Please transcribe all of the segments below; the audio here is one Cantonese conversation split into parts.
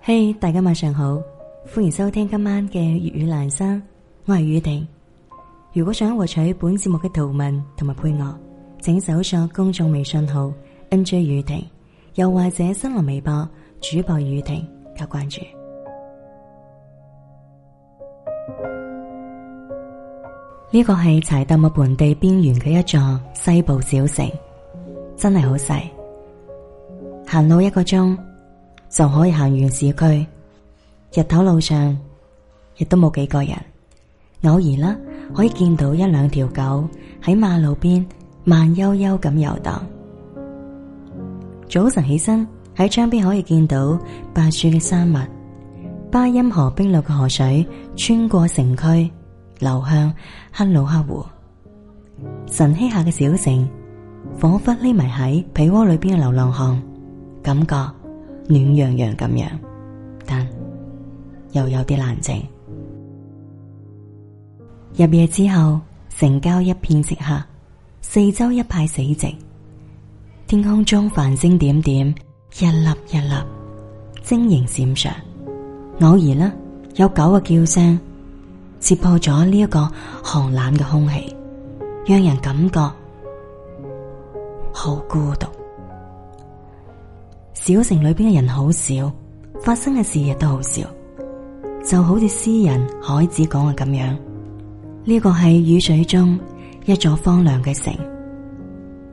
嘿，hey, 大家晚上好，歡迎收聽今晚嘅粵語闌珊，我係雨婷。如果想獲取本節目嘅圖文同埋配樂，請搜索公眾微信號 nj 雨婷，又或者新浪微博主播雨婷加關注。呢、這個係柴達木盆地邊緣嘅一座西部小城，真係好細。行路一個鐘，就可以行完市區。日頭路上亦都冇幾個人，偶然啦可以見到一兩條狗喺馬路邊慢悠悠咁遊蕩。早晨起身喺窗邊可以見到白雪嘅山脈，巴音河冰綠嘅河水穿過城區流向克魯克湖。晨曦下嘅小城，仿佛匿埋喺被窩裏邊嘅流浪漢。感覺暖洋洋咁樣，但又有啲冷靜。入夜之後，城郊一片漆黑，四周一派死寂，天空中繁星點點，一粒一粒晶瑩閃爍。偶然呢，有狗嘅叫聲，接破咗呢一個寒冷嘅空氣，讓人感覺好孤獨。小城裏邊嘅人好少，發生嘅事亦都好少，就好似詩人海子講嘅咁樣，呢個係雨水中一座荒涼嘅城，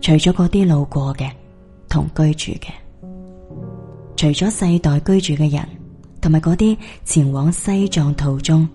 除咗嗰啲路過嘅同居住嘅，除咗世代居住嘅人，同埋嗰啲前往西藏途中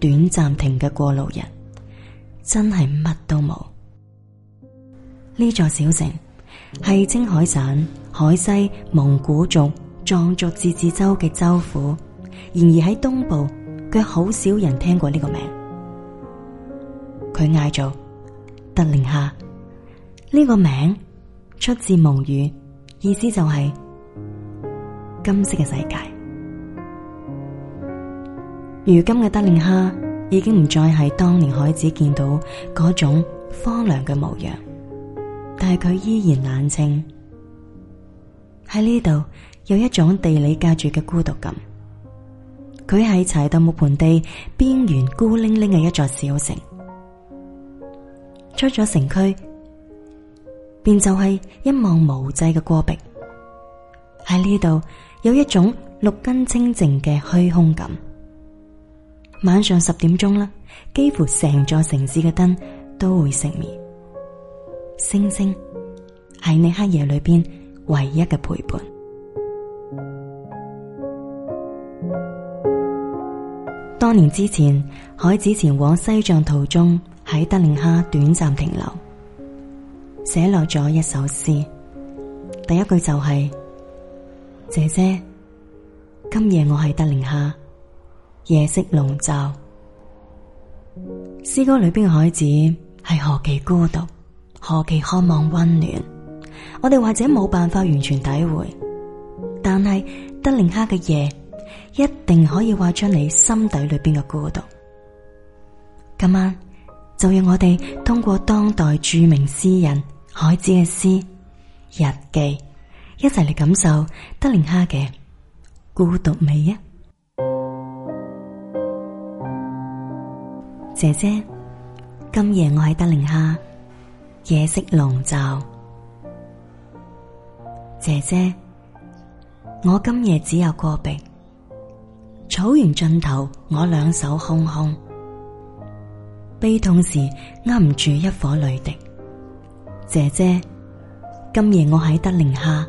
短暫停嘅過路人，真係乜都冇呢座小城。係青海省海西蒙古族藏族自治州嘅州府，然而喺東部，卻好少人聽過呢個名。佢嗌做德令哈，呢、這個名出自蒙語，意思就係、是、金色嘅世界。如今嘅德令哈已經唔再係當年海子見到嗰種荒涼嘅模樣。但係佢依然冷清，喺呢度有一種地理隔住嘅孤獨感。佢喺柴達木盆地邊緣孤零零嘅一座小城，出咗城區，便就係一望無際嘅戈壁。喺呢度有一種六根清淨嘅虛空感。晚上十點鐘啦，幾乎成座城市嘅燈都會熄滅。星星係你黑夜裏邊唯一嘅陪伴。多年之前，海子前往西藏途中喺德令哈短暫停留，寫落咗一首詩。第一句就係、是：姐姐，今夜我喺德令哈，夜色籠罩。詩歌裏邊嘅海子係何其孤獨。何其渴望溫暖！我哋或者冇辦法完全體會，但係德令哈嘅夜一定可以畫出你心底裏邊嘅孤獨。今晚就讓我哋通過當代著名詩人海子嘅詩日記，一齊嚟感受德令哈嘅孤獨美。啊！姐姐，今夜我喺德令哈。夜色籠罩，姐姐，我今夜只有戈壁。草原盡頭，我兩手空空，悲痛時握唔住一顆淚滴。姐姐，今夜我喺德令哈，呢、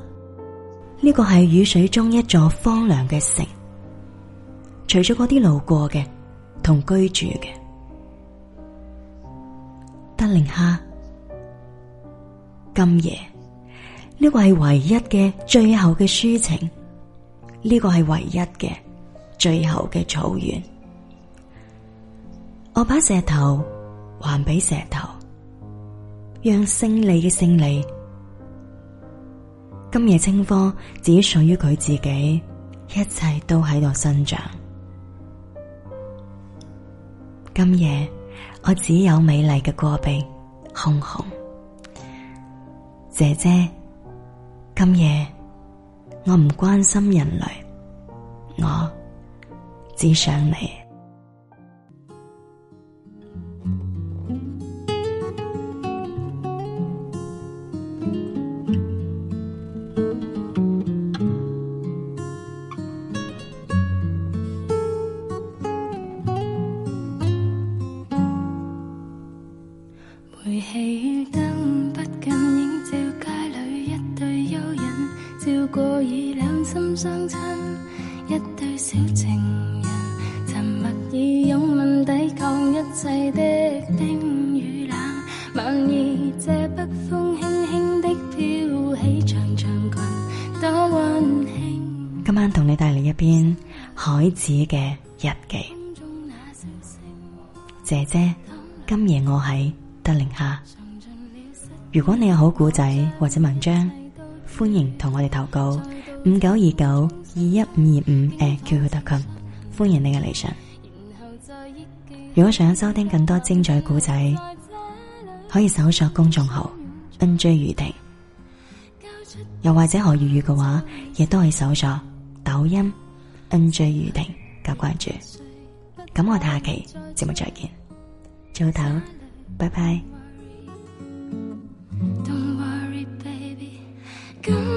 這個係雨水中一座荒涼嘅城，除咗嗰啲路過嘅同居住嘅，德令哈。今夜呢個係唯一嘅最後嘅抒情，呢個係唯一嘅最後嘅草原。我把石頭還俾石頭，讓勝利嘅勝利。今夜青稞只屬於佢自己，一切都喺度生長。今夜我只有美麗嘅戈壁，空空。姐姐，今夜我唔關心人類，我只想你。煤氣 一對小情人，沉默抵抗一切的冰雨冷。借北風輕輕的飄起多溫馨。今晚同你帶嚟一篇海子嘅日記。姐姐，今夜我喺德令哈。如果你有好古仔或者文章，歡迎同我哋投稿。五九二九二一五二五，誒，QQ 特琴，25, uh, q q. Com，歡迎你嘅嚟上。如果想收聽更多精彩古仔，可以搜索公眾號 NJ、嗯、雨婷；又或者學粵語嘅話，亦都可以搜索抖音 NJ、嗯、雨婷。加關注。咁我哋下期節目再見，早唞，拜拜。Don't worry baby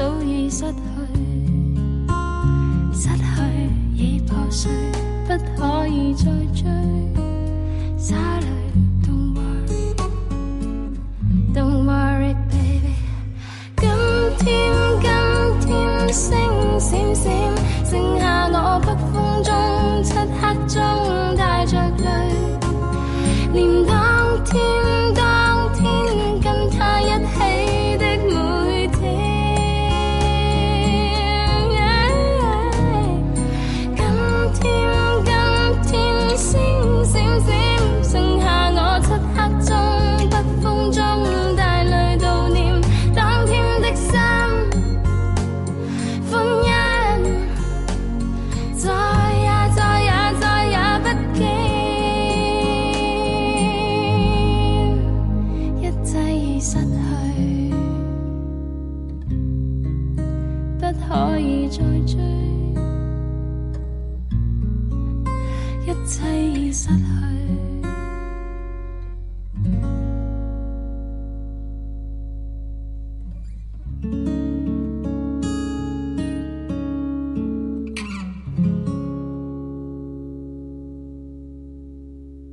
早已失去，失去已破碎，不可以再追。凄已失去。